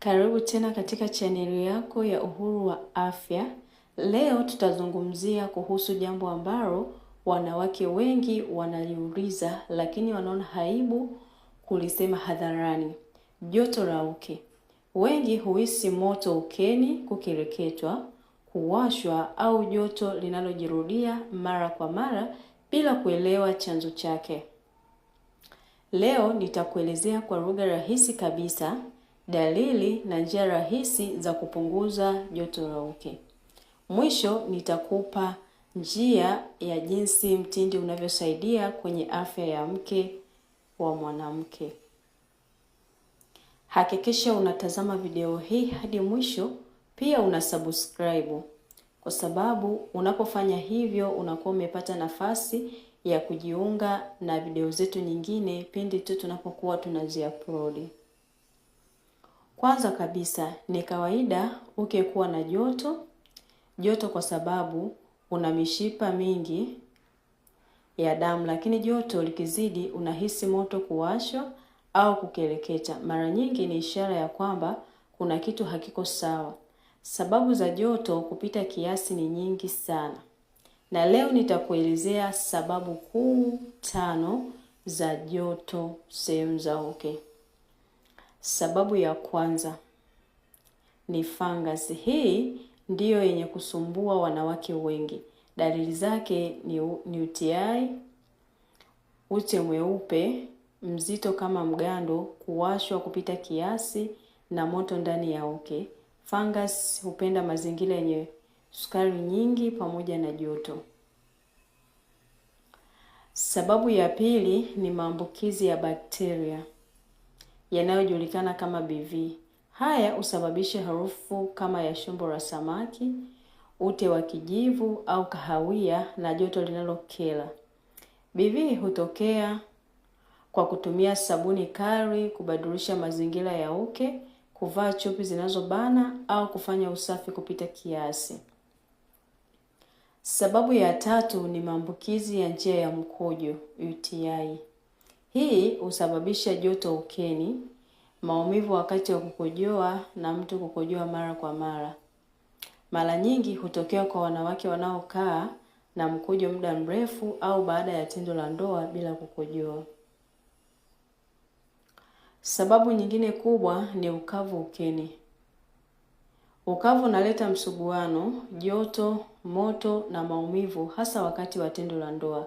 Karibu tena katika chaneli yako ya Uhuru wa Afya. Leo tutazungumzia kuhusu jambo ambalo wanawake wengi wanaliuliza lakini wanaona aibu kulisema hadharani: joto la uke. Wengi huhisi moto ukeni, kukereketwa, kuwashwa au joto linalojirudia mara kwa mara bila kuelewa chanzo chake. Leo nitakuelezea kwa lugha rahisi kabisa dalili na njia rahisi za kupunguza joto la uke. Mwisho nitakupa njia ya jinsi mtindi unavyosaidia kwenye afya ya mke wa mwanamke. Hakikisha unatazama video hii hadi mwisho, pia una kwa sababu unapofanya hivyo unakuwa umepata nafasi ya kujiunga na video zetu nyingine pindi tu tunapokuwa tunaziupload. Kwanza kabisa ni kawaida uke kuwa na joto joto, kwa sababu una mishipa mingi ya damu, lakini joto likizidi unahisi moto kuwashwa au kukereketa. Mara nyingi ni ishara ya kwamba kuna kitu hakiko sawa. Sababu za joto kupita kiasi ni nyingi sana, na leo nitakuelezea sababu kuu tano za joto sehemu za uke. Sababu ya kwanza ni fungus. Hii ndiyo yenye kusumbua wanawake wengi. Dalili zake ni, ni UTI, ute mweupe mzito kama mgando, kuwashwa kupita kiasi na moto ndani ya uke. Fungus hupenda mazingira yenye sukari nyingi pamoja na joto. Sababu ya pili ni maambukizi ya bakteria yanayojulikana kama BV. Haya husababisha harufu kama ya shombo la samaki, ute wa kijivu au kahawia na joto linalokela BV hutokea kwa kutumia sabuni kali, kubadilisha mazingira ya uke, kuvaa chupi zinazobana au kufanya usafi kupita kiasi. Sababu ya tatu ni maambukizi ya njia ya mkojo UTI. Hii husababisha joto ukeni, maumivu wakati wa kukojoa na mtu kukojoa mara kwa mara. Mara nyingi hutokea kwa wanawake wanaokaa na mkojo muda mrefu au baada ya tendo la ndoa bila kukojoa. Sababu nyingine kubwa ni ukavu ukeni. Ukavu unaleta msuguano, joto, moto na maumivu hasa wakati wa tendo la ndoa.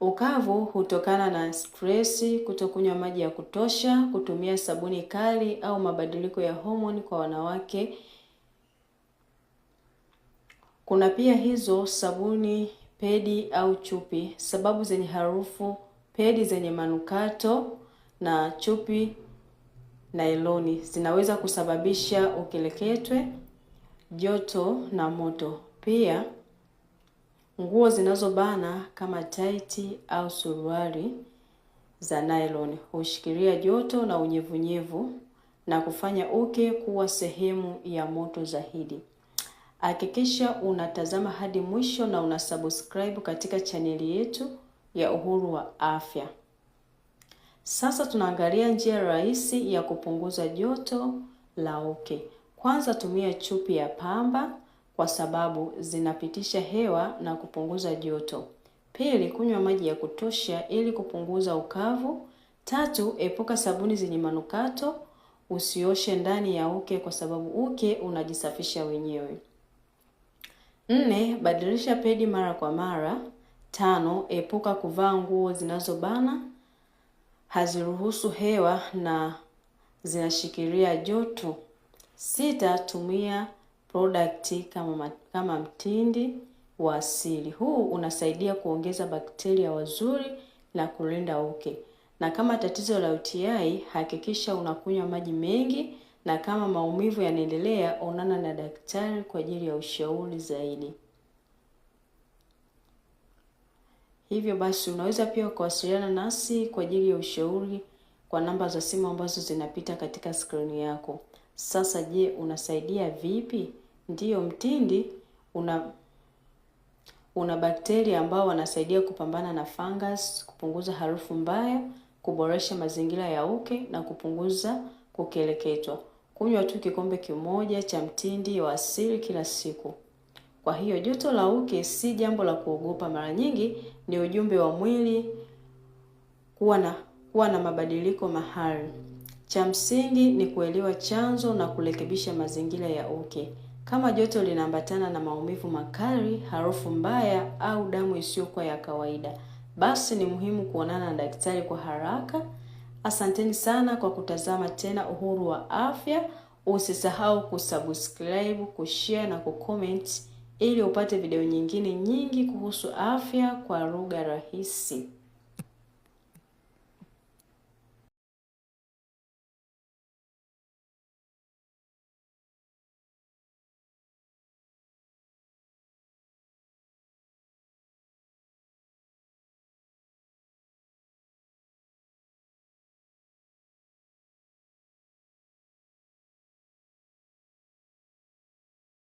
Ukavu hutokana na stresi, kutokunywa maji ya kutosha, kutumia sabuni kali au mabadiliko ya homoni kwa wanawake. Kuna pia hizo sabuni, pedi au chupi, sababu zenye harufu, pedi zenye manukato na chupi nailoni zinaweza kusababisha ukeleketwe, joto na moto pia Nguo zinazobana kama taiti au suruali za nylon hushikilia joto na unyevunyevu na kufanya uke kuwa sehemu ya moto zaidi. Hakikisha unatazama hadi mwisho na unasubscribe katika chaneli yetu ya Uhuru wa Afya. Sasa tunaangalia njia rahisi ya kupunguza joto la uke. Kwanza, tumia chupi ya pamba kwa sababu zinapitisha hewa na kupunguza joto. Pili, kunywa maji ya kutosha ili kupunguza ukavu. Tatu, epuka sabuni zenye manukato. Usioshe ndani ya uke kwa sababu uke unajisafisha wenyewe. Nne, badilisha pedi mara kwa mara. Tano, epuka kuvaa nguo zinazobana, haziruhusu hewa na zinashikilia joto. Sita, tumia product kama, kama mtindi wa asili. Huu unasaidia kuongeza bakteria wazuri na kulinda uke. Na kama tatizo la UTI, hakikisha unakunywa maji mengi, na kama maumivu yanaendelea, onana na daktari kwa ajili ya ushauri zaidi. Hivyo basi, unaweza pia kuwasiliana nasi kwa ajili ya ushauri kwa namba za simu ambazo zinapita katika skrini yako. Sasa je, unasaidia vipi? Ndiyo, mtindi una una bakteria ambao wanasaidia kupambana na fungus, kupunguza harufu mbaya, kuboresha mazingira ya uke na kupunguza kukeleketwa Kunywa tu kikombe kimoja cha mtindi wa asili kila siku. Kwa hiyo joto la uke si jambo la kuogopa, mara nyingi ni ujumbe wa mwili kuwa na kuwa na mabadiliko mahali. Cha msingi ni kuelewa chanzo na kurekebisha mazingira ya uke kama joto linaambatana na maumivu makali, harufu mbaya au damu isiyokuwa ya kawaida, basi ni muhimu kuonana na daktari kwa haraka. Asanteni sana kwa kutazama tena Uhuru wa Afya. Usisahau kusubscribe, kushare na kucomment ili upate video nyingine nyingi kuhusu afya kwa lugha rahisi.